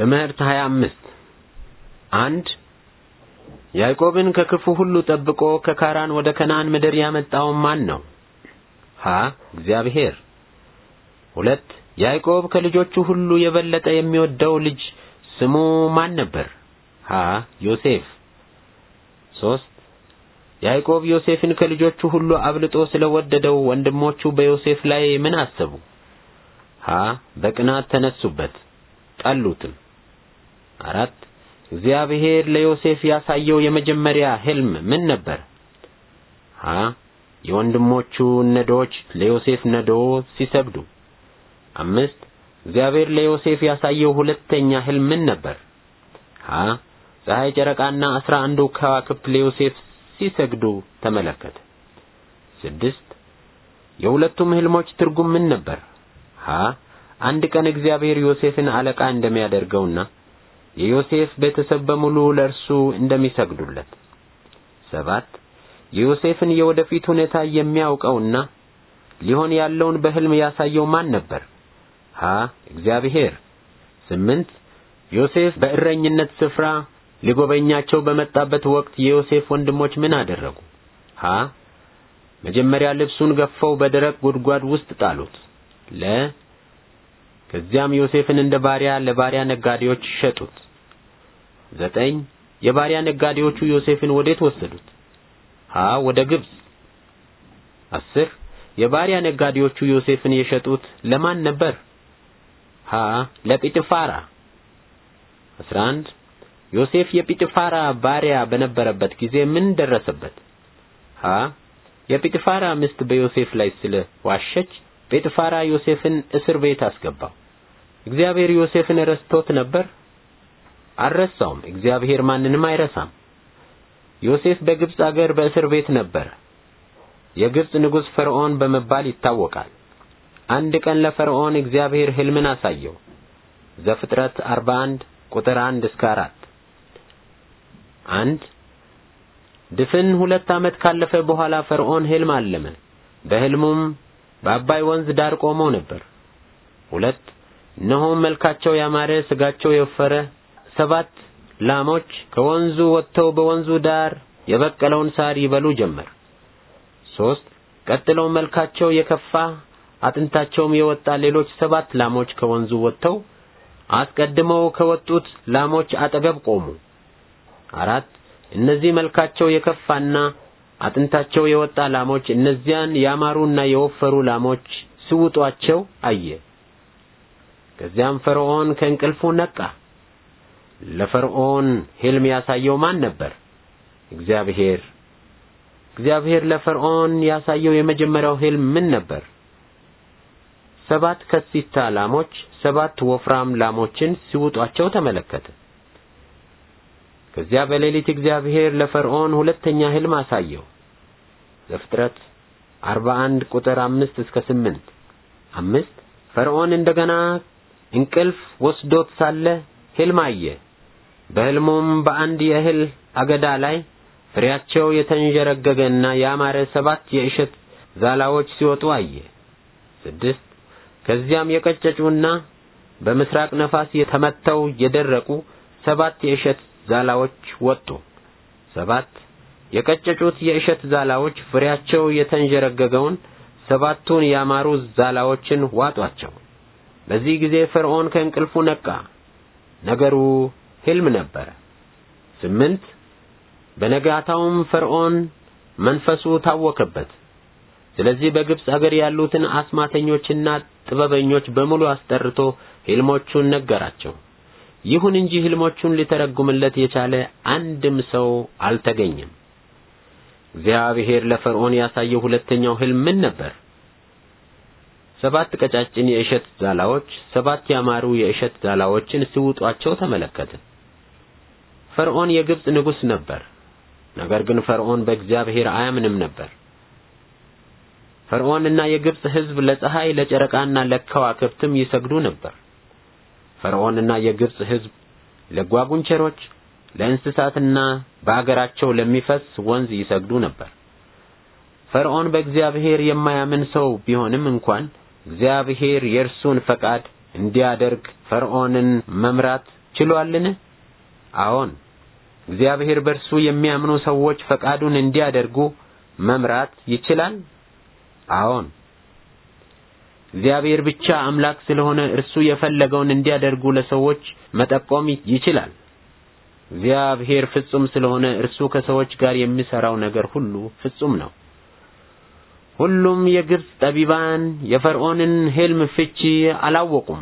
ትምህርት 25 አንድ ያዕቆብን ከክፉ ሁሉ ጠብቆ ከካራን ወደ ከናን ምድር ያመጣው ማን ነው? ሀ እግዚአብሔር። ሁለት ያዕቆብ ከልጆቹ ሁሉ የበለጠ የሚወደው ልጅ ስሙ ማን ነበር? ሀ ዮሴፍ። ሶስት ያዕቆብ ዮሴፍን ከልጆቹ ሁሉ አብልጦ ስለወደደው ወንድሞቹ በዮሴፍ ላይ ምን አሰቡ? ሀ በቅናት ተነሱበት፣ ጠሉትም። አራት እግዚአብሔር ለዮሴፍ ያሳየው የመጀመሪያ ሕልም ምን ነበር? ሀ የወንድሞቹ ነዶዎች ለዮሴፍ ነዶ ሲሰግዱ። አምስት እግዚአብሔር ለዮሴፍ ያሳየው ሁለተኛ ሕልም ምን ነበር? ሀ ፀሐይ፣ ጨረቃና አስራ አንዱ ከዋክብት ለዮሴፍ ሲሰግዱ ተመለከተ። ስድስት የሁለቱም ሕልሞች ትርጉም ምን ነበር? ሀ አንድ ቀን እግዚአብሔር ዮሴፍን አለቃ እንደሚያደርገውና የዮሴፍ ቤተሰብ በሙሉ ለእርሱ እንደሚሰግዱለት። ሰባት የዮሴፍን የወደፊት ሁኔታ የሚያውቀውና ሊሆን ያለውን በሕልም ያሳየው ማን ነበር? ሀ እግዚአብሔር። ስምንት ዮሴፍ በእረኝነት ስፍራ ሊጎበኛቸው በመጣበት ወቅት የዮሴፍ ወንድሞች ምን አደረጉ? ሀ መጀመሪያ ልብሱን ገፈው በደረቅ ጉድጓድ ውስጥ ጣሉት። ለ ከዚያም ዮሴፍን እንደ ባሪያ ለባሪያ ነጋዴዎች ሸጡት። ዘጠኝ የባሪያ ነጋዴዎቹ ዮሴፍን ወዴት ወሰዱት? ሀ ወደ ግብጽ። አስር የባሪያ ነጋዴዎቹ ዮሴፍን የሸጡት ለማን ነበር? ሀ ለጲጥፋራ። አስራ አንድ ዮሴፍ የጲጥፋራ ባሪያ በነበረበት ጊዜ ምን ደረሰበት? ሀ የጲጥፋራ ሚስት በዮሴፍ ላይ ስለ ዋሸች ጲጥፋራ ዮሴፍን እስር ቤት አስገባው። እግዚአብሔር ዮሴፍን ረስቶት ነበር? አልረሳውም። እግዚአብሔር ማንንም አይረሳም። ዮሴፍ በግብፅ አገር በእስር ቤት ነበር። የግብፅ ንጉሥ ፈርዖን በመባል ይታወቃል። አንድ ቀን ለፈርዖን እግዚአብሔር ሕልምን አሳየው። ዘፍጥረት 41 ቁጥር 1 እስከ 4 አንድ ድፍን ሁለት ዓመት ካለፈ በኋላ ፈርዖን ሕልም አለመ። በሕልሙም በአባይ ወንዝ ዳር ቆሞ ነበር። ሁለት እነሆም መልካቸው ያማረ ስጋቸው የወፈረ ሰባት ላሞች ከወንዙ ወጥተው በወንዙ ዳር የበቀለውን ሳር ይበሉ ጀመር። ሶስት ቀጥለው መልካቸው የከፋ አጥንታቸውም የወጣ ሌሎች ሰባት ላሞች ከወንዙ ወጥተው አስቀድመው ከወጡት ላሞች አጠገብ ቆሙ። አራት እነዚህ መልካቸው የከፋና አጥንታቸው የወጣ ላሞች እነዚያን ያማሩና የወፈሩ ላሞች ሲውጧቸው አየ። ከዚያም ፈርዖን ከእንቅልፉ ነቃ። ለፈርዖን ሕልም ያሳየው ማን ነበር? እግዚአብሔር። እግዚአብሔር ለፈርዖን ያሳየው የመጀመሪያው ሕልም ምን ነበር? ሰባት ከሲታ ላሞች ሰባት ወፍራም ላሞችን ሲውጧቸው ተመለከተ። ከዚያ በሌሊት እግዚአብሔር ለፈርዖን ሁለተኛ ሕልም አሳየው። ዘፍጥረት 41 ቁጥር 5 እስከ 8 አምስት ፈርዖን እንደገና እንቅልፍ ወስዶት ሳለ ሕልም አየ። በሕልሙም በአንድ የእህል አገዳ ላይ ፍሬያቸው የተንዠረገገና ያማረ ሰባት የእሸት ዛላዎች ሲወጡ አየ። ስድስት ከዚያም የቀጨጩና በምስራቅ ነፋስ የተመተው የደረቁ ሰባት የእሸት ዛላዎች ወጡ። ሰባት የቀጨጩት የእሸት ዛላዎች ፍሬያቸው የተንዠረገገውን ሰባቱን ያማሩ ዛላዎችን ዋጧቸው። በዚህ ጊዜ ፈርዖን ከእንቅልፉ ነቃ። ነገሩ ሕልም ነበር። ስምንት በነጋታውም ፈርዖን መንፈሱ ታወከበት። ስለዚህ በግብፅ አገር ያሉትን አስማተኞችና ጥበበኞች በሙሉ አስጠርቶ ሕልሞቹን ነገራቸው። ይሁን እንጂ ሕልሞቹን ሊተረጉምለት የቻለ አንድም ሰው አልተገኘም። እግዚአብሔር ለፈርዖን ያሳየው ሁለተኛው ሕልም ምን ነበር? ሰባት ቀጫጭን የእሸት ዛላዎች፣ ሰባት ያማሩ የእሸት ዛላዎችን ሲውጧቸው ተመለከተ። ፈርዖን የግብፅ ንጉሥ ነበር። ነገር ግን ፈርዖን በእግዚአብሔር አያምንም ነበር። ፈርዖንና የግብፅ ሕዝብ ለፀሐይ ለጨረቃና ለከዋክብትም ይሰግዱ ነበር። ፈርዖንና የግብፅ ሕዝብ ለጓጉንቸሮች፣ ለእንስሳትና በአገራቸው ለሚፈስ ወንዝ ይሰግዱ ነበር። ፈርዖን በእግዚአብሔር የማያምን ሰው ቢሆንም እንኳን እግዚአብሔር የእርሱን ፈቃድ እንዲያደርግ ፈርዖንን መምራት ችሏልን? አዎን፣ እግዚአብሔር በእርሱ የሚያምኑ ሰዎች ፈቃዱን እንዲያደርጉ መምራት ይችላል። አዎን፣ እግዚአብሔር ብቻ አምላክ ስለሆነ እርሱ የፈለገውን እንዲያደርጉ ለሰዎች መጠቆም ይችላል። እግዚአብሔር ፍጹም ስለሆነ እርሱ ከሰዎች ጋር የሚሰራው ነገር ሁሉ ፍጹም ነው። ሁሉም የግብፅ ጠቢባን የፈርዖንን ህልም ፍቺ አላወቁም።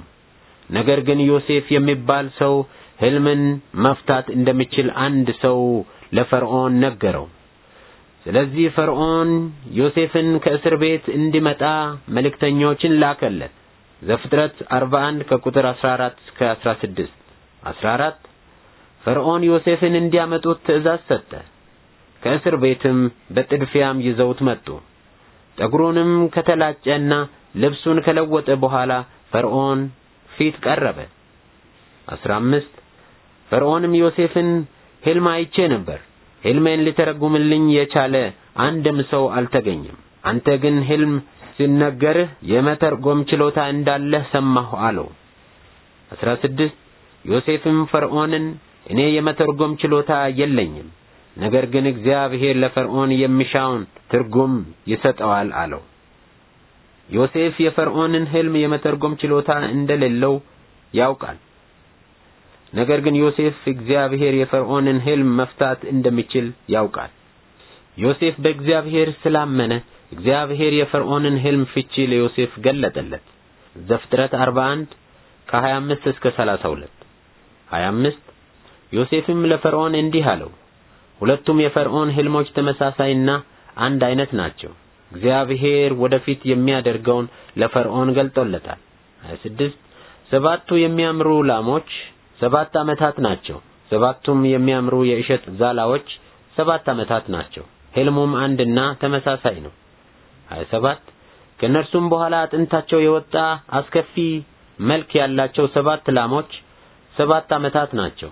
ነገር ግን ዮሴፍ የሚባል ሰው ህልምን መፍታት እንደሚችል አንድ ሰው ለፈርዖን ነገረው። ስለዚህ ፈርዖን ዮሴፍን ከእስር ቤት እንዲመጣ መልእክተኞችን ላከለት። ዘፍጥረት 41 ከቁጥር 14 እስከ 16 14 ፈርዖን ዮሴፍን እንዲያመጡት ትእዛዝ ሰጠ። ከእስር ቤትም በጥድፊያም ይዘውት መጡ። ጠጉሩንም ከተላጨና ልብሱን ከለወጠ በኋላ ፈርዖን ፊት ቀረበ። 15 ፈርዖንም ዮሴፍን ሕልም አይቼ ነበር። ሕልሜን ሊተረጉምልኝ የቻለ አንድም ሰው አልተገኘም። አንተ ግን ሕልም ሲነገርህ የመተርጎም ችሎታ እንዳለህ ሰማሁ አለው። 16 ዮሴፍም ፈርዖንን እኔ የመተርጎም ችሎታ የለኝም ነገር ግን እግዚአብሔር ለፈርዖን የሚሻውን ትርጉም ይሰጠዋል አለው። ዮሴፍ የፈርዖንን ሕልም የመተርጎም ችሎታ እንደሌለው ያውቃል። ነገር ግን ዮሴፍ እግዚአብሔር የፈርዖንን ሕልም መፍታት እንደሚችል ያውቃል። ዮሴፍ በእግዚአብሔር ስላመነ እግዚአብሔር የፈርዖንን ሕልም ፍቺ ለዮሴፍ ገለጠለት። ዘፍጥረት 41 ከ25 እስከ 32 25 ዮሴፍም ለፈርዖን እንዲህ አለው ሁለቱም የፈርዖን ህልሞች ተመሳሳይና አንድ አይነት ናቸው። እግዚአብሔር ወደፊት የሚያደርገውን ለፈርዖን ገልጦለታል። 26 ሰባቱ የሚያምሩ ላሞች ሰባት ዓመታት ናቸው። ሰባቱም የሚያምሩ የእሸት ዛላዎች ሰባት ዓመታት ናቸው። ህልሙም አንድና ተመሳሳይ ነው። 27 ከነርሱም በኋላ አጥንታቸው የወጣ አስከፊ መልክ ያላቸው ሰባት ላሞች ሰባት ዓመታት ናቸው።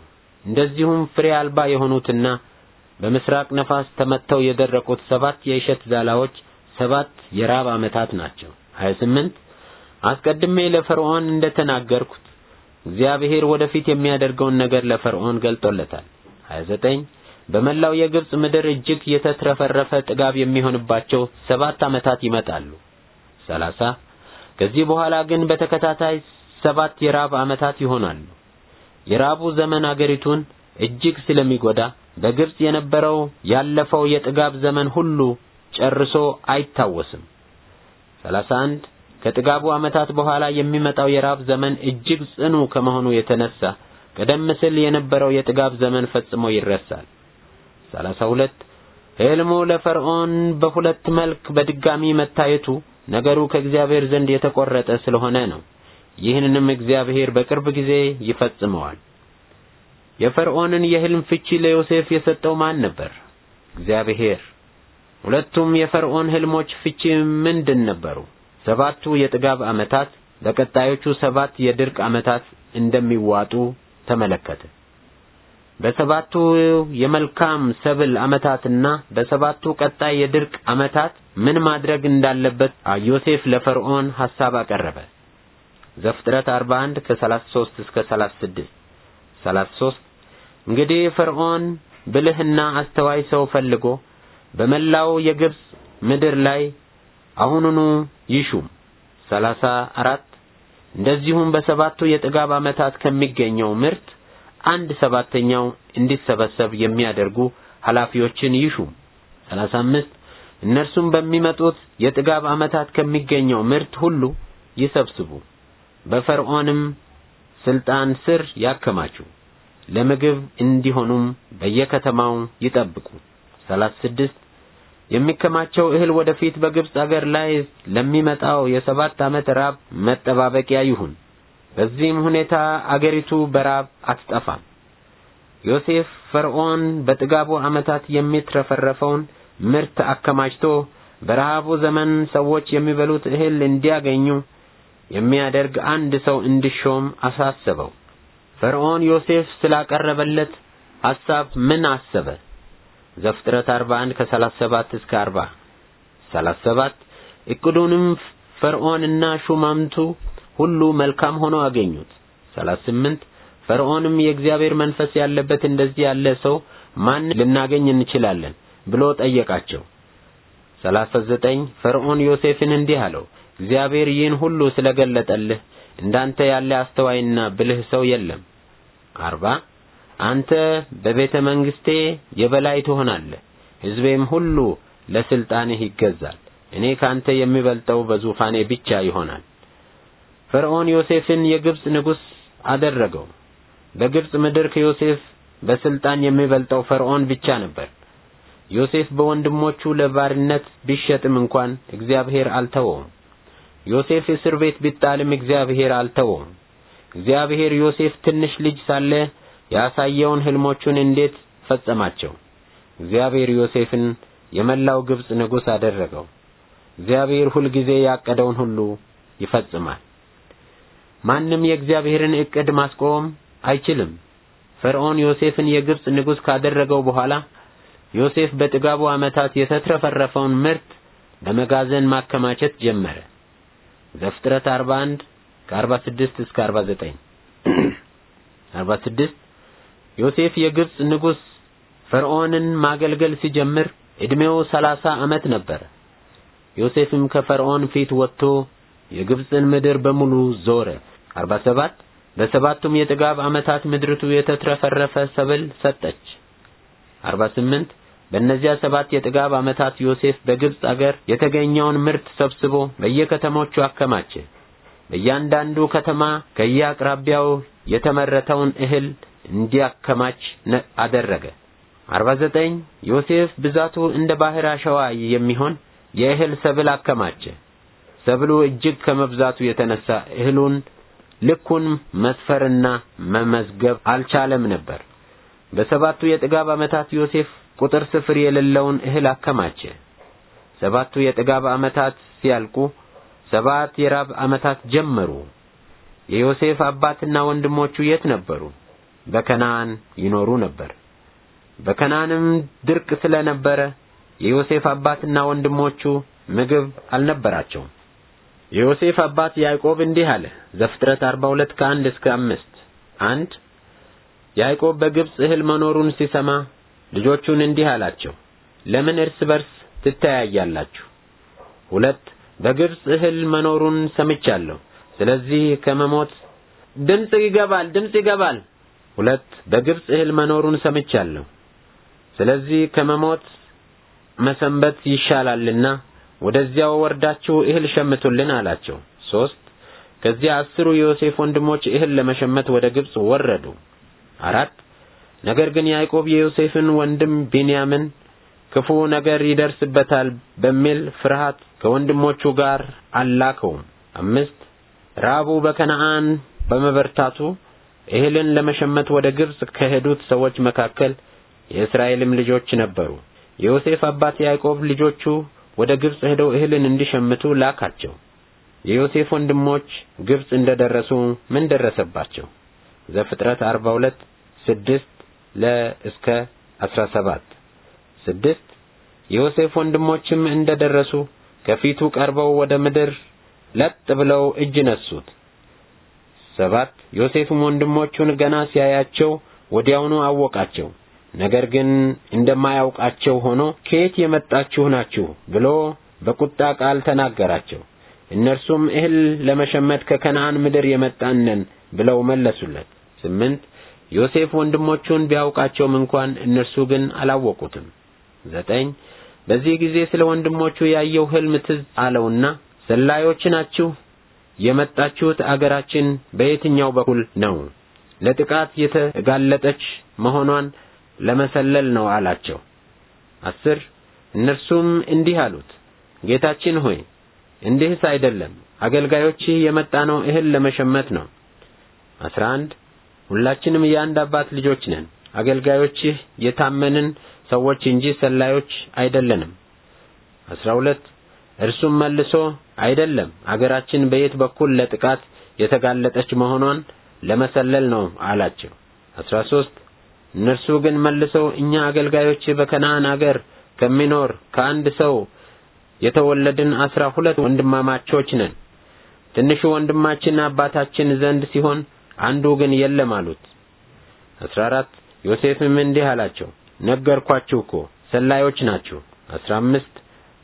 እንደዚሁም ፍሬ አልባ የሆኑትና በምስራቅ ነፋስ ተመተው የደረቁት ሰባት የእሸት ዛላዎች ሰባት የራብ ዓመታት ናቸው። 28 አስቀድሜ ለፈርዖን እንደተናገርኩት እግዚአብሔር ወደፊት የሚያደርገውን ነገር ለፈርዖን ገልጦለታል። 29 በመላው የግብጽ ምድር እጅግ የተትረፈረፈ ጥጋብ የሚሆንባቸው ሰባት ዓመታት ይመጣሉ። 30 ከዚህ በኋላ ግን በተከታታይ ሰባት የራብ ዓመታት ይሆናሉ። የራቡ ዘመን አገሪቱን እጅግ ስለሚጎዳ በግብጽ የነበረው ያለፈው የጥጋብ ዘመን ሁሉ ጨርሶ አይታወስም። 31 ከጥጋቡ ዓመታት በኋላ የሚመጣው የራብ ዘመን እጅግ ጽኑ ከመሆኑ የተነሳ ቀደም ሲል የነበረው የጥጋብ ዘመን ፈጽሞ ይረሳል። 32 ሕልሙ ለፈርዖን በሁለት መልክ በድጋሚ መታየቱ ነገሩ ከእግዚአብሔር ዘንድ የተቆረጠ ስለሆነ ነው። ይህንንም እግዚአብሔር በቅርብ ጊዜ ይፈጽመዋል። የፈርዖንን የህልም ፍቺ ለዮሴፍ የሰጠው ማን ነበር? እግዚአብሔር። ሁለቱም የፈርዖን ህልሞች ፍቺ ምንድን ነበሩ? ሰባቱ የጥጋብ ዓመታት በቀጣዮቹ ሰባት የድርቅ ዓመታት እንደሚዋጡ ተመለከተ። በሰባቱ የመልካም ሰብል ዓመታትና በሰባቱ ቀጣይ የድርቅ ዓመታት ምን ማድረግ እንዳለበት ዮሴፍ ለፈርዖን ሐሳብ አቀረበ። ዘፍጥረት 41 ከ33 እስከ 36 33 እንግዲህ ፈርዖን ብልህና አስተዋይ ሰው ፈልጎ በመላው የግብፅ ምድር ላይ አሁኑኑ ይሹም። ሰላሳ አራት እንደዚሁም በሰባቱ የጥጋብ ዓመታት ከሚገኘው ምርት አንድ ሰባተኛው እንዲሰበሰብ የሚያደርጉ ኃላፊዎችን ይሹም። 35 እነርሱም በሚመጡት የጥጋብ ዓመታት ከሚገኘው ምርት ሁሉ ይሰብስቡ፣ በፈርዖንም ስልጣን ስር ያከማቹ። ለምግብ እንዲሆኑም በየከተማው ይጠብቁ። 36 የሚከማቸው እህል ወደፊት በግብፅ አገር ላይ ለሚመጣው የሰባት ዓመት ራብ መጠባበቂያ ይሁን። በዚህም ሁኔታ አገሪቱ በራብ አትጠፋም። ዮሴፍ ፈርዖን በጥጋቡ ዓመታት የሚትረፈረፈውን ምርት አከማችቶ በረሃቡ ዘመን ሰዎች የሚበሉት እህል እንዲያገኙ የሚያደርግ አንድ ሰው እንዲሾም አሳሰበው። ፈርዖን ዮሴፍ ስላቀረበለት ሐሳብ ምን አሰበ? ዘፍጥረት 41 ከ37 እስከ 40 37 እቅዱንም ፈርዖንና ሹማምቱ ሁሉ መልካም ሆኖ አገኙት። 38 ፈርዖንም የእግዚአብሔር መንፈስ ያለበት እንደዚህ ያለ ሰው ማን ልናገኝ እንችላለን ብሎ ጠየቃቸው። 39 ፈርዖን ዮሴፍን እንዲህ አለው፣ እግዚአብሔር ይህን ሁሉ ስለገለጠልህ እንዳንተ ያለ አስተዋይና ብልህ ሰው የለም። አርባ አንተ በቤተ መንግስቴ የበላይ ትሆናለህ፣ ሕዝቤም ሁሉ ለስልጣንህ ይገዛል። እኔ ካንተ የሚበልጠው በዙፋኔ ብቻ ይሆናል። ፈርዖን ዮሴፍን የግብፅ ንጉሥ አደረገው። በግብፅ ምድር ከዮሴፍ በስልጣን የሚበልጠው ፈርዖን ብቻ ነበር። ዮሴፍ በወንድሞቹ ለባርነት ቢሸጥም እንኳን እግዚአብሔር አልተወውም። ዮሴፍ እስር ቤት ቢጣልም እግዚአብሔር አልተወም። እግዚአብሔር ዮሴፍ ትንሽ ልጅ ሳለ ያሳየውን ሕልሞቹን እንዴት ፈጸማቸው! እግዚአብሔር ዮሴፍን የመላው ግብፅ ንጉሥ አደረገው። እግዚአብሔር ሁልጊዜ ያቀደውን ሁሉ ይፈጽማል። ማንም የእግዚአብሔርን ዕቅድ ማስቆም አይችልም። ፈርዖን ዮሴፍን የግብፅ ንጉሥ ካደረገው በኋላ ዮሴፍ በጥጋቡ ዓመታት የተትረፈረፈውን ምርት በመጋዘን ማከማቸት ጀመረ። ዘፍጥረት 41 ከ46 እስከ 49 46 ዮሴፍ የግብፅ ንጉሥ ፈርዖንን ማገልገል ሲጀምር ዕድሜው 30 ዓመት ነበር። ዮሴፍም ከፈርዖን ፊት ወጥቶ የግብፅን ምድር በሙሉ ዞረ። 47 በሰባቱም የጥጋብ ዓመታት ምድርቱ የተትረፈረፈ ሰብል ሰጠች። 48 በእነዚያ ሰባት የጥጋብ ዓመታት ዮሴፍ በግብፅ አገር የተገኘውን ምርት ሰብስቦ በየከተሞቹ አከማቸ። በእያንዳንዱ ከተማ ከየአቅራቢያው የተመረተውን እህል እንዲያከማች አደረገ። 49 ዮሴፍ ብዛቱ እንደ ባህር አሸዋ የሚሆን የእህል ሰብል አከማቸ። ሰብሉ እጅግ ከመብዛቱ የተነሳ እህሉን ልኩን መስፈርና መመዝገብ አልቻለም ነበር። በሰባቱ የጥጋብ ዓመታት ዮሴፍ ቁጥር ስፍር የሌለውን እህል አከማቸ። ሰባቱ የጥጋብ ዓመታት ሲያልቁ ሰባት የራብ ዓመታት ጀመሩ። የዮሴፍ አባትና ወንድሞቹ የት ነበሩ? በከናን ይኖሩ ነበር። በከናንም ድርቅ ስለነበረ የዮሴፍ አባትና ወንድሞቹ ምግብ አልነበራቸውም። የዮሴፍ አባት ያዕቆብ እንዲህ አለ። ዘፍጥረት 42 ከ1 እስከ 5 አንድ ያዕቆብ በግብፅ እህል መኖሩን ሲሰማ ልጆቹን እንዲህ አላቸው፣ ለምን እርስ በርስ ትተያያላችሁ? ሁለት በግብፅ እህል መኖሩን ሰምቻለሁ። ስለዚህ ከመሞት ድምፅ ይገባል፣ ድምፅ ይገባል። ሁለት በግብፅ እህል መኖሩን ሰምቻለሁ። ስለዚህ ከመሞት መሰንበት ይሻላልና ወደዚያው ወርዳችሁ እህል ሸምቱልን አላቸው። ሶስት ከዚያ አስሩ የዮሴፍ ወንድሞች እህል ለመሸመት ወደ ግብፅ ወረዱ። አራት ነገር ግን ያዕቆብ የዮሴፍን ወንድም ቢንያምን ክፉ ነገር ይደርስበታል በሚል ፍርሃት ከወንድሞቹ ጋር አላከውም። አምስት ራቡ በከነዓን በመበርታቱ እህልን ለመሸመት ወደ ግብፅ ከሄዱት ሰዎች መካከል የእስራኤልም ልጆች ነበሩ። የዮሴፍ አባት ያዕቆብ ልጆቹ ወደ ግብፅ ሄደው እህልን እንዲሸምቱ ላካቸው። የዮሴፍ ወንድሞች ግብፅ እንደደረሱ ምን ደረሰባቸው? ዘፍጥረት 42 ስድስት ለእስከ 17 ስድስት የዮሴፍ ወንድሞችም እንደደረሱ ከፊቱ ቀርበው ወደ ምድር ለጥ ብለው እጅ ነሱት። ሰባት ዮሴፍም ወንድሞቹን ገና ሲያያቸው ወዲያውኑ አወቃቸው። ነገር ግን እንደማያውቃቸው ሆኖ ከየት የመጣችሁ ናችሁ ብሎ በቁጣ ቃል ተናገራቸው። እነርሱም እህል ለመሸመት ከከነዓን ምድር የመጣን ነን ብለው መለሱለት። ስምንት ዮሴፍ ወንድሞቹን ቢያውቃቸውም እንኳን እነርሱ ግን አላወቁትም። ዘጠኝ በዚህ ጊዜ ስለ ወንድሞቹ ያየው ሕልም ትዝ አለውና ሰላዮች ናችሁ፣ የመጣችሁት አገራችን በየትኛው በኩል ነው? ለጥቃት የተጋለጠች መሆኗን ለመሰለል ነው አላቸው። አስር እነርሱም እንዲህ አሉት፣ ጌታችን ሆይ እንዲህስ አይደለም፣ አገልጋዮችህ የመጣ ነው እህል ለመሸመት ነው። አስራ አንድ ሁላችንም የአንድ አባት ልጆች ነን። አገልጋዮችህ የታመንን ሰዎች እንጂ ሰላዮች አይደለንም። 12 እርሱም መልሶ አይደለም፣ አገራችን በየት በኩል ለጥቃት የተጋለጠች መሆኗን ለመሰለል ነው አላቸው። 13 እነርሱ ግን መልሰው እኛ አገልጋዮች በከናን አገር ከሚኖር ከአንድ ሰው የተወለድን አስራ ሁለት ወንድማማቾች ነን። ትንሹ ወንድማችን አባታችን ዘንድ ሲሆን አንዱ ግን የለም አሉት። አስራ አራት ዮሴፍም እንዲህ አላቸው፣ ነገርኳችሁ እኮ ሰላዮች ናችሁ። አስራ አምስት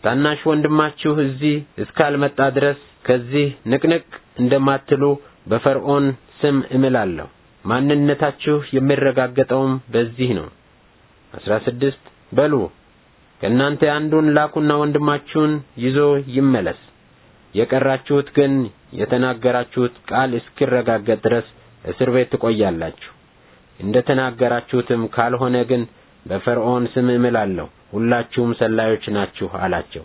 ታናሽ ወንድማችሁ እዚህ እስካልመጣ ድረስ ከዚህ ንቅንቅ እንደማትሉ በፈርዖን ስም እምላለሁ። ማንነታችሁ የሚረጋገጠውም በዚህ ነው። አስራ ስድስት በሉ ከእናንተ አንዱን ላኩና ወንድማችሁን ይዞ ይመለስ። የቀራችሁት ግን የተናገራችሁት ቃል እስኪረጋገጥ ድረስ እስር ቤት ትቆያላችሁ። እንደ ተናገራችሁትም ካልሆነ ግን በፈርዖን ስም እምላለሁ ሁላችሁም ሰላዮች ናችሁ አላቸው።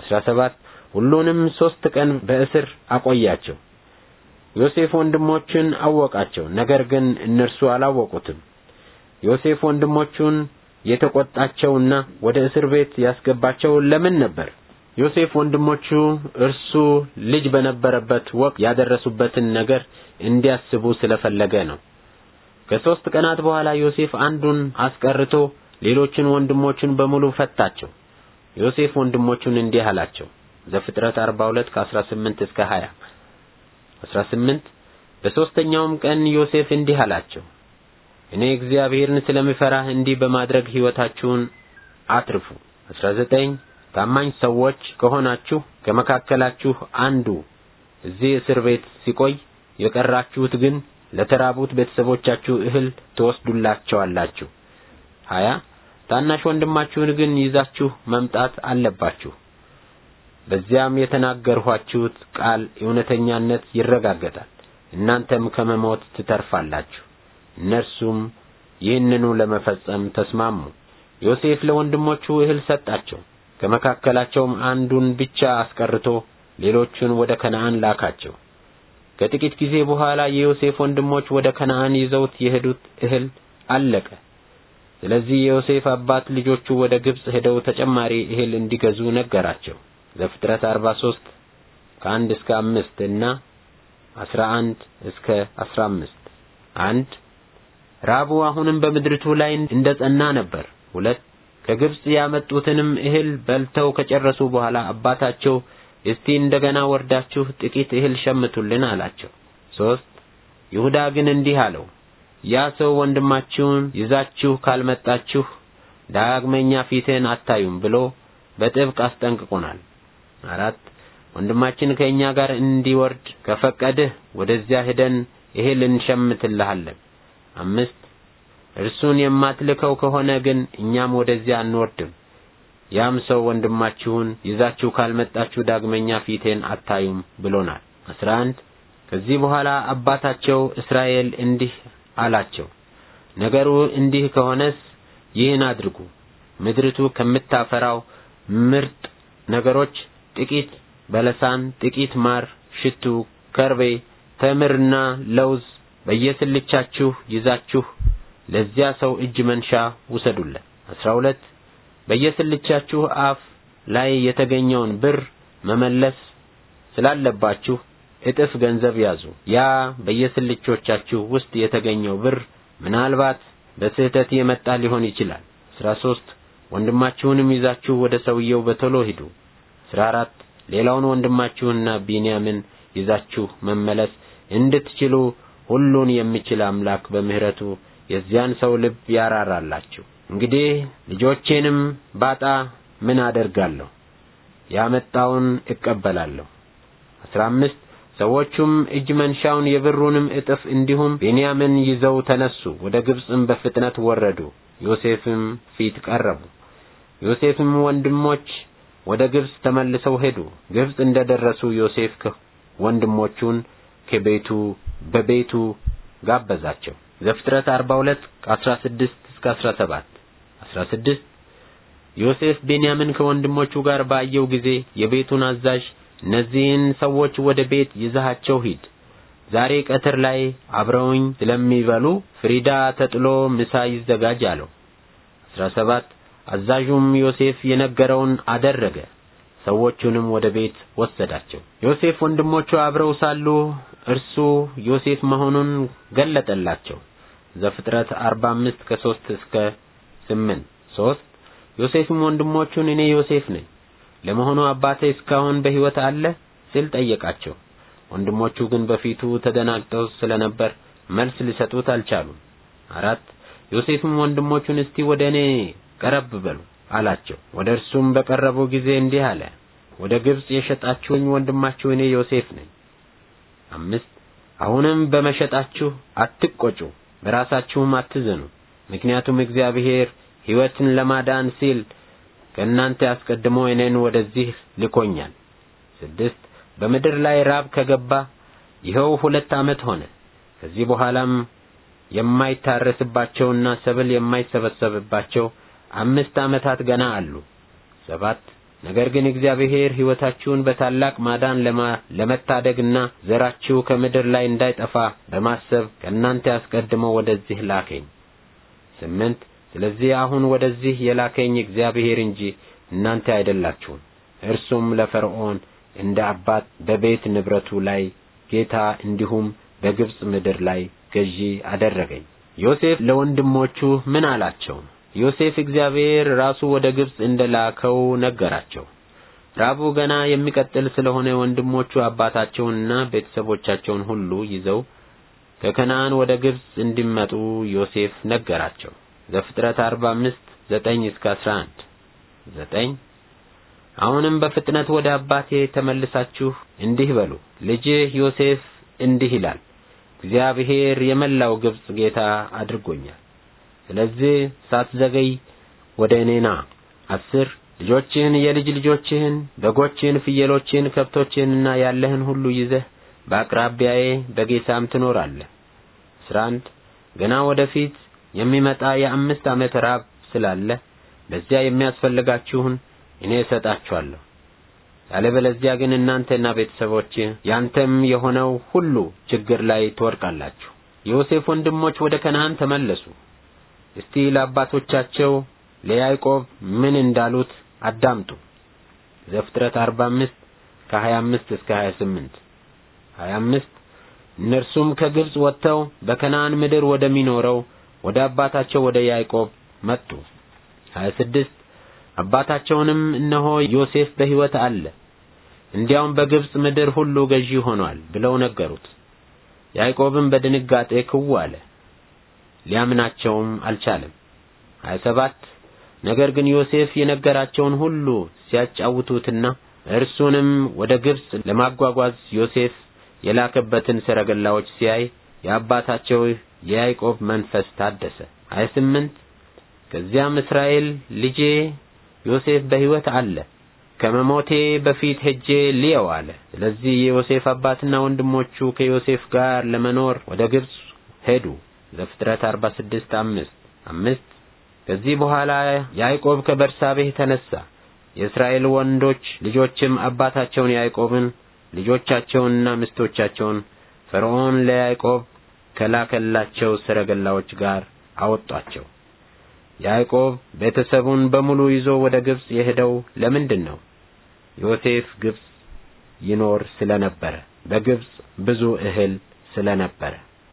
አስራ ሰባት ሁሉንም ሦስት ቀን በእስር አቆያቸው። ዮሴፍ ወንድሞቹን አወቃቸው፣ ነገር ግን እነርሱ አላወቁትም። ዮሴፍ ወንድሞቹን የተቈጣቸውና ወደ እስር ቤት ያስገባቸው ለምን ነበር? ዮሴፍ ወንድሞቹ እርሱ ልጅ በነበረበት ወቅት ያደረሱበትን ነገር እንዲያስቡ ስለፈለገ ነው። ከሦስት ቀናት በኋላ ዮሴፍ አንዱን አስቀርቶ ሌሎችን ወንድሞቹን በሙሉ ፈታቸው። ዮሴፍ ወንድሞቹን እንዲህ አላቸው። ዘፍጥረት 42 ከ18 እስከ 20 18 በሦስተኛውም ቀን ዮሴፍ እንዲህ አላቸው፣ እኔ እግዚአብሔርን ስለምፈራህ እንዲህ በማድረግ ሕይወታችሁን አትርፉ። 19 ታማኝ ሰዎች ከሆናችሁ ከመካከላችሁ አንዱ እዚህ እስር ቤት ሲቆይ የቀራችሁት ግን ለተራቡት ቤተሰቦቻችሁ እህል ትወስዱላቸዋላችሁ። ሀያ ታናሽ ወንድማችሁን ግን ይዛችሁ መምጣት አለባችሁ። በዚያም የተናገርኋችሁት ቃል እውነተኛነት ይረጋገጣል፣ እናንተም ከመሞት ትተርፋላችሁ። እነርሱም ይህንኑ ለመፈጸም ተስማሙ። ዮሴፍ ለወንድሞቹ እህል ሰጣቸው። ከመካከላቸውም አንዱን ብቻ አስቀርቶ ሌሎቹን ወደ ከነዓን ላካቸው። ከጥቂት ጊዜ በኋላ የዮሴፍ ወንድሞች ወደ ከነዓን ይዘውት የሄዱት እህል አለቀ። ስለዚህ የዮሴፍ አባት ልጆቹ ወደ ግብፅ ሄደው ተጨማሪ እህል እንዲገዙ ነገራቸው። ዘፍጥረት 43 ከ1 እስከ 5 እና 11 እስከ 15 አንድ ራቡ አሁንም በምድርቱ ላይ እንደ ጸና ነበር። ሁለት ከግብፅ ያመጡትንም እህል በልተው ከጨረሱ በኋላ አባታቸው እስቲ እንደገና ወርዳችሁ ጥቂት እህል ሸምቱልን አላቸው። ሶስት ይሁዳ ግን እንዲህ አለው፣ ያ ሰው ወንድማችሁን ይዛችሁ ካልመጣችሁ ዳግመኛ ፊትህን አታዩም ብሎ በጥብቅ አስጠንቅቆናል። አራት ወንድማችን ከእኛ ጋር እንዲወርድ ከፈቀድህ ወደዚያ ሄደን እህል እንሸምትልሃለን። አምስት እርሱን የማትልከው ከሆነ ግን እኛም ወደዚያ አንወርድም። ያም ሰው ወንድማችሁን ይዛችሁ ካልመጣችሁ ዳግመኛ ፊቴን አታዩም ብሎናል። አስራ አንድ ከዚህ በኋላ አባታቸው እስራኤል እንዲህ አላቸው፣ ነገሩ እንዲህ ከሆነስ ይህን አድርጉ፣ ምድርቱ ከምታፈራው ምርጥ ነገሮች ጥቂት በለሳን፣ ጥቂት ማር፣ ሽቱ፣ ከርቤ፣ ተምርና ለውዝ በየስልቻችሁ ይዛችሁ ለዚያ ሰው እጅ መንሻ ውሰዱለት። አስራ ሁለት በየስልቻችሁ አፍ ላይ የተገኘውን ብር መመለስ ስላለባችሁ እጥፍ ገንዘብ ያዙ። ያ በየስልቾቻችሁ ውስጥ የተገኘው ብር ምናልባት በስህተት የመጣ ሊሆን ይችላል። ሥራ ሦስት ወንድማችሁንም ይዛችሁ ወደ ሰውየው በቶሎ ሂዱ። ሥራ አራት ሌላውን ወንድማችሁና ቢንያምን ይዛችሁ መመለስ እንድትችሉ ሁሉን የሚችል አምላክ በምህረቱ የዚያን ሰው ልብ ያራራላችሁ። እንግዲህ ልጆቼንም ባጣ ምን አደርጋለሁ? ያመጣውን እቀበላለሁ። አስራ አምስት ሰዎቹም እጅ መንሻውን የብሩንም እጥፍ እንዲሁም ቤንያምን ይዘው ተነሱ፣ ወደ ግብፅም በፍጥነት ወረዱ። ዮሴፍም ፊት ቀረቡ። ዮሴፍም ወንድሞች ወደ ግብፅ ተመልሰው ሄዱ። ግብፅ እንደደረሱ ዮሴፍ ወንድሞቹን ከቤቱ በቤቱ ጋበዛቸው። ዘፍጥረት 42 16 እስከ 17 16 ዮሴፍ ቤንያምን ከወንድሞቹ ጋር ባየው ጊዜ የቤቱን አዛዥ እነዚህን ሰዎች ወደ ቤት ይዛቸው ሂድ፣ ዛሬ ቀትር ላይ አብረውኝ ስለሚበሉ ፍሪዳ ተጥሎ ምሳ ይዘጋጅ አለው። 17 አዛዡም ዮሴፍ የነገረውን አደረገ። ሰዎቹንም ወደ ቤት ወሰዳቸው። ዮሴፍ ወንድሞቹ አብረው ሳሉ እርሱ ዮሴፍ መሆኑን ገለጠላቸው። ዘፍጥረት 45 ከ3 እስከ 8 ሶስት ዮሴፍም ወንድሞቹን እኔ ዮሴፍ ነኝ፣ ለመሆኑ አባቴ እስካሁን በሕይወት አለ ሲል ጠየቃቸው። ወንድሞቹ ግን በፊቱ ተደናግጠው ስለነበር መልስ ሊሰጡት አልቻሉም። አራት ዮሴፍም ወንድሞቹን እስቲ ወደ እኔ ቀረብ በሉ አላቸው። ወደ እርሱም በቀረቡ ጊዜ እንዲህ አለ፣ ወደ ግብፅ የሸጣችሁኝ ወንድማችሁ እኔ ዮሴፍ ነኝ። አምስት አሁንም በመሸጣችሁ አትቆጩ፣ በራሳችሁም አትዘኑ። ምክንያቱም እግዚአብሔር ሕይወትን ለማዳን ሲል ከእናንተ አስቀድሞ እኔን ወደዚህ ልኮኛል። ስድስት በምድር ላይ ራብ ከገባ ይኸው ሁለት ዓመት ሆነ። ከዚህ በኋላም የማይታረስባቸውና ሰብል የማይሰበሰብባቸው አምስት ዓመታት ገና አሉ። ሰባት ነገር ግን እግዚአብሔር ሕይወታችሁን በታላቅ ማዳን ለመታደግና ዘራችሁ ከምድር ላይ እንዳይጠፋ በማሰብ ከእናንተ አስቀድሞ ወደዚህ ላከኝ። ስምንት ስለዚህ አሁን ወደዚህ የላከኝ እግዚአብሔር እንጂ እናንተ አይደላችሁም። እርሱም ለፈርዖን እንደ አባት በቤት ንብረቱ ላይ ጌታ እንዲሁም በግብፅ ምድር ላይ ገዢ አደረገኝ። ዮሴፍ ለወንድሞቹ ምን አላቸው? ዮሴፍ እግዚአብሔር ራሱ ወደ ግብፅ እንደ ላከው ነገራቸው። ራቡ ገና የሚቀጥል ስለሆነ ወንድሞቹ አባታቸውንና ቤተሰቦቻቸውን ሁሉ ይዘው ከከነዓን ወደ ግብፅ እንዲመጡ ዮሴፍ ነገራቸው። ዘፍጥረት 45 9 እስከ 11 9 አሁንም በፍጥነት ወደ አባቴ ተመልሳችሁ እንዲህ በሉ፣ ልጅህ ዮሴፍ እንዲህ ይላል፣ እግዚአብሔር የመላው ግብፅ ጌታ አድርጎኛል። ስለዚህ ሳትዘገይ ወደ እኔ ና። አስር ልጆችህን፣ የልጅ ልጆችህን፣ በጎችህን፣ ፍየሎችህን፣ ከብቶችህንና ያለህን ሁሉ ይዘህ በአቅራቢያዬ በጌሳም ትኖራለህ። አስራ አንድ ገና ወደፊት የሚመጣ የአምስት ዓመት ራብ ስላለ በዚያ የሚያስፈልጋችሁን እኔ እሰጣችኋለሁ። ያለበለዚያ ግን እናንተና ቤተሰቦች ያንተም የሆነው ሁሉ ችግር ላይ ትወድቃላችሁ። የዮሴፍ ወንድሞች ወደ ከነዓን ተመለሱ። እስቲ ለአባቶቻቸው ለያዕቆብ ምን እንዳሉት አዳምጡ። ዘፍጥረት 45 ከ25 እስከ 28 25 እነርሱም ከግብጽ ወጥተው በከነዓን ምድር ወደሚኖረው ወደ አባታቸው ወደ ያዕቆብ መጡ። 26 አባታቸውንም እነሆ ዮሴፍ በሕይወት አለ፣ እንዲያውም በግብጽ ምድር ሁሉ ገዢ ሆኗል ብለው ነገሩት። ያዕቆብም በድንጋጤ ክው አለ፣ ሊያምናቸውም አልቻለም። 27 ነገር ግን ዮሴፍ የነገራቸውን ሁሉ ሲያጫውቱትና እርሱንም ወደ ግብጽ ለማጓጓዝ ዮሴፍ የላከበትን ሰረገላዎች ሲያይ የአባታቸው የያዕቆብ መንፈስ ታደሰ። 28 ከዚያም እስራኤል ልጄ ዮሴፍ በሕይወት አለ ከመሞቴ በፊት ሄጄ ልየው አለ። ስለዚህ የዮሴፍ አባትና ወንድሞቹ ከዮሴፍ ጋር ለመኖር ወደ ግብፅ ሄዱ። ዘፍጥረት 46 5 5 ከዚህ በኋላ ያዕቆብ ከበርሳቤህ ተነሳ። የእስራኤል ወንዶች ልጆችም አባታቸውን ያዕቆብን ልጆቻቸውንና ምስቶቻቸውን ፈርዖን ለያዕቆብ ከላከላቸው ሰረገላዎች ጋር አወጧቸው። ያዕቆብ ቤተሰቡን በሙሉ ይዞ ወደ ግብፅ የሄደው ለምንድን ነው? ዮሴፍ ግብፅ ይኖር ስለነበረ፣ በግብፅ ብዙ እህል ስለነበረ።